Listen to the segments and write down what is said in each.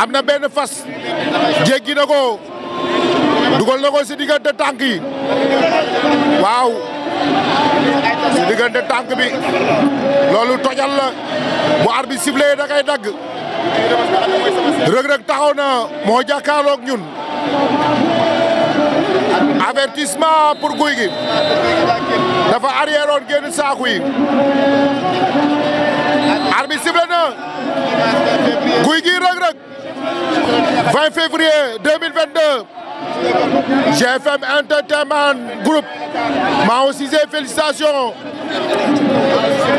am na benn fas jéggi na ko dugal na ko si diggante tànk yi waaw si diggante tànk bi loolu tojal la bu arbi sifflé da kay dagg rëg-rëg taxaw na moo jàkkaarloog ñun avertissement pour guy gi dafa arrière oon génn saaku yi arbitre sifflé na Gouye Gui Reug Reug 20 février 2022 GFM Entertainment Group ma aussi ses félicitations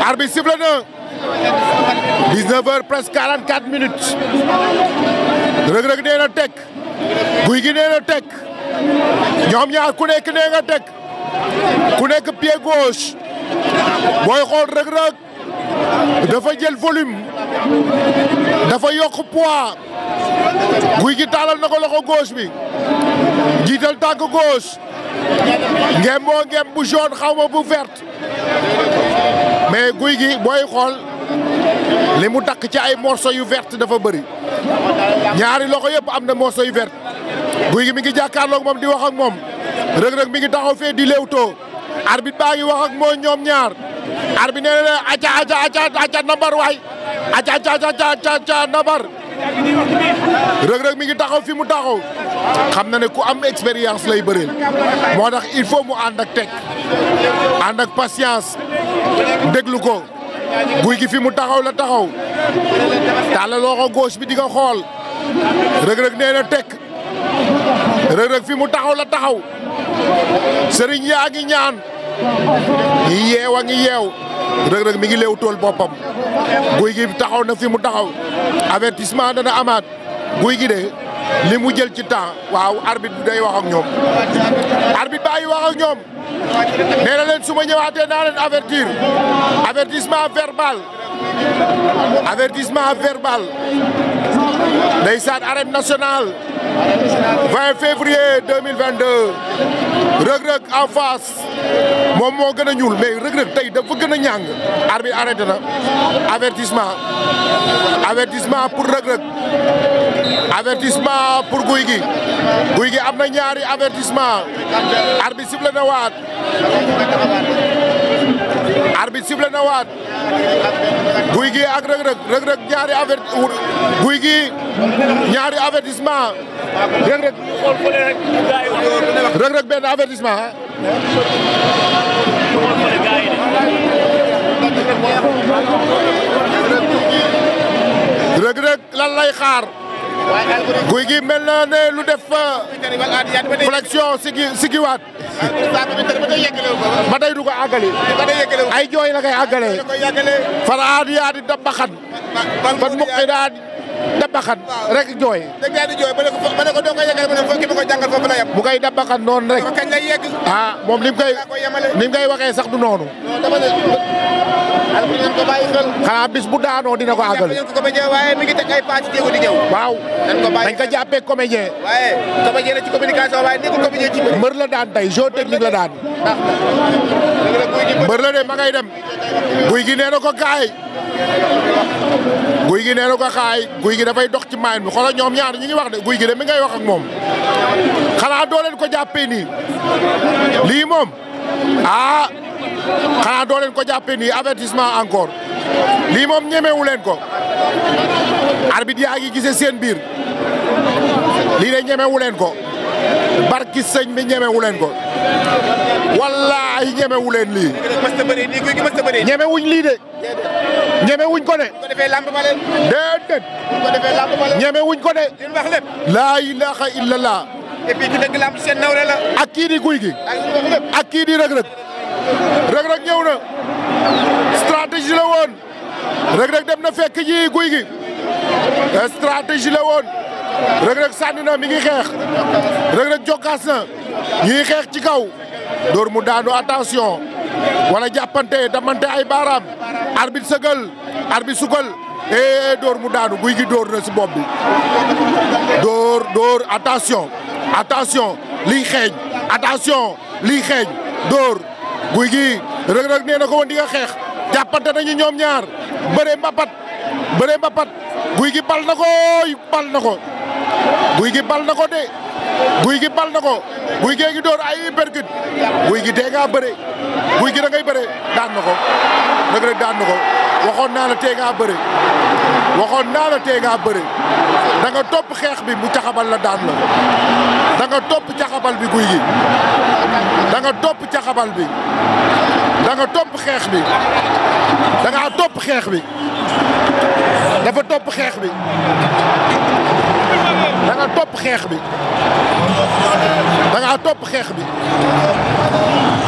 arbitre sifflé na 19 heures presque 44 minutes Reug Reug nee na tekk Gouye Gui nee na tekk ñoom ñaar ku nekk nee nga tekk ku nekk pied gauche boy xool Reug Reug dafa jël volume dafa yokk poids guy gi taalal na ko loxo gauche bi jiital tànk gauche ngem boo ngem bu jaune xaw ma bu verte mais guy gi booy xool li mu takk ci ay morceaux yu verte dafa bari ñaari loxo yëpp am na morceaux yu verte guy gi mi ngi jàkkaarloog moom di wax ak moom rëg-rëg mi ngi taxaw fee di léewtoo arbitre baa ngi wax ak moom ñoom ñaar arbi nee na aca aca aca aca nambar waay aca aca aca aca nambar rëg-rëg mi ngi taxaw fi mu taxaw xam na ne ku am expérience lay bëreel moo tax il faut mu ànd ak teg ànd ak patience déglu ko guy gi fi mu taxaw la taxaw tàlla loxo gauche bi di nga xool rëg-rëg nee na teg rëg-rëg fi mu taxaw la taxaw sëriñ yaa ngi ñaan yeew yeewa ngi yeew Reug Reug mi ngi leew tool boppam guy gi taxaw na fi mu taxaw avertissement dana amaat guy gi de li mu jël ci temps waaw arbit bi day wax ak ñoom arbitre baa ngi wax ak ñoom nee na leen su ma ñëwaatee naa leen avertir avertissement verbal avertissement verbal ndeysaan arène nationale 20 février 2022 Reug Reug en face moom moo gën a ñuul mais Reug Reug tey dafa gën a ñàng arbitre arrêté na avertissement avertissement pour Reug Reug avertissement pour Gouy Gui Gouy Gui am na ñaari avertissement arbitre sifflé na waat arbitre sifflé waat Gouy Gui ak Reug Reug Reug ñaari averti Gouy Gui ñaari avertissement Reug Reug Reug Reug benn avertissement ah. Reug Reug lan lay xaar guy gi mel na ne lu def ah, flexion sigi sigiwaat ba day du ko ay jooy la koy àggale far aadi aadi dabbaxan fan mukki daadi dabaxan rek jooy. dañ daal di jooy ba ne ko ko doo ko yeggal ba ne fo ki ma ko jàngal foofu bu koy dabaxan noonu rek. ah moom li mu koy li mu koy waxee sax du noonu. non xanaa bis bu daanoo dina ko àggal. ko ba waaye mi ngi teg ay paa ci di ñëw. waaw. dañ ko jàppee comédien. waaye comédien la ci communication waaye nekkul comédien ci biir. mbër la daan tey jeu technique la daan. Ah. mbër la de ma ngay dem. guy gi nee na ko kaay. guy gi nee na ko kaay guy gi dafay dox ci maay mi xoolal ñoom ñaar ñu ngi wax de guy gi de mi ngay wax ak moom. xanaa doo leen ko jàppee nii. lii moom. ah xanaa doo leen ko jàppee nii avertissement encore. lii moom ñemewu leen ko arbitre yaa ngi gise seen biir lii de ñemewu leen ko barki sëñ bi ñemewu leen ko wallaahi ñemewu leen lii. ñemewuñ lii de. ñemewuñ ko de. ko de. laa ilaaha illallah. et puis ki dëgg la am seen guy gi. ak kii ñëw na stratégie la woon Reug Reug dem na fekk ji guy gi stratégie la woon Reug Reug sànni na mi ngi xeex Reug Reug jokkaas na ñuy xeex ci kaw door mu daanu attention wala jàppante damante ay baaraam arbitre sëgal arbitre sugal e eh, door mu daanu guy gi door na si bopp bi door door attention attention liy xeeñ attention liy xeeñ door guy gi Reug Reug nee na ko woon di nga xeex jàppante nañu ñoom ñaar bëree mbapat bëree mbapat guy gi bal na ko bal na ko guy gi bal na ko de guy gi bal na ko guy gee gi door ay uppercut guy gi dee ngaa bëre guy gi da ngay bëre daan na ko Reug Reug daan na ko. waxoon naa la tee ngaa bëre waxoon naa la tee ngaa bëre da topp xeex bi mu caxabal la daan la da nga topp caxabal bi guy gi danga nga topp caxabal bi danga topp xeex bi da topp xeex bi dafa topp xeex bi da topp xeex bi da topp xeex bi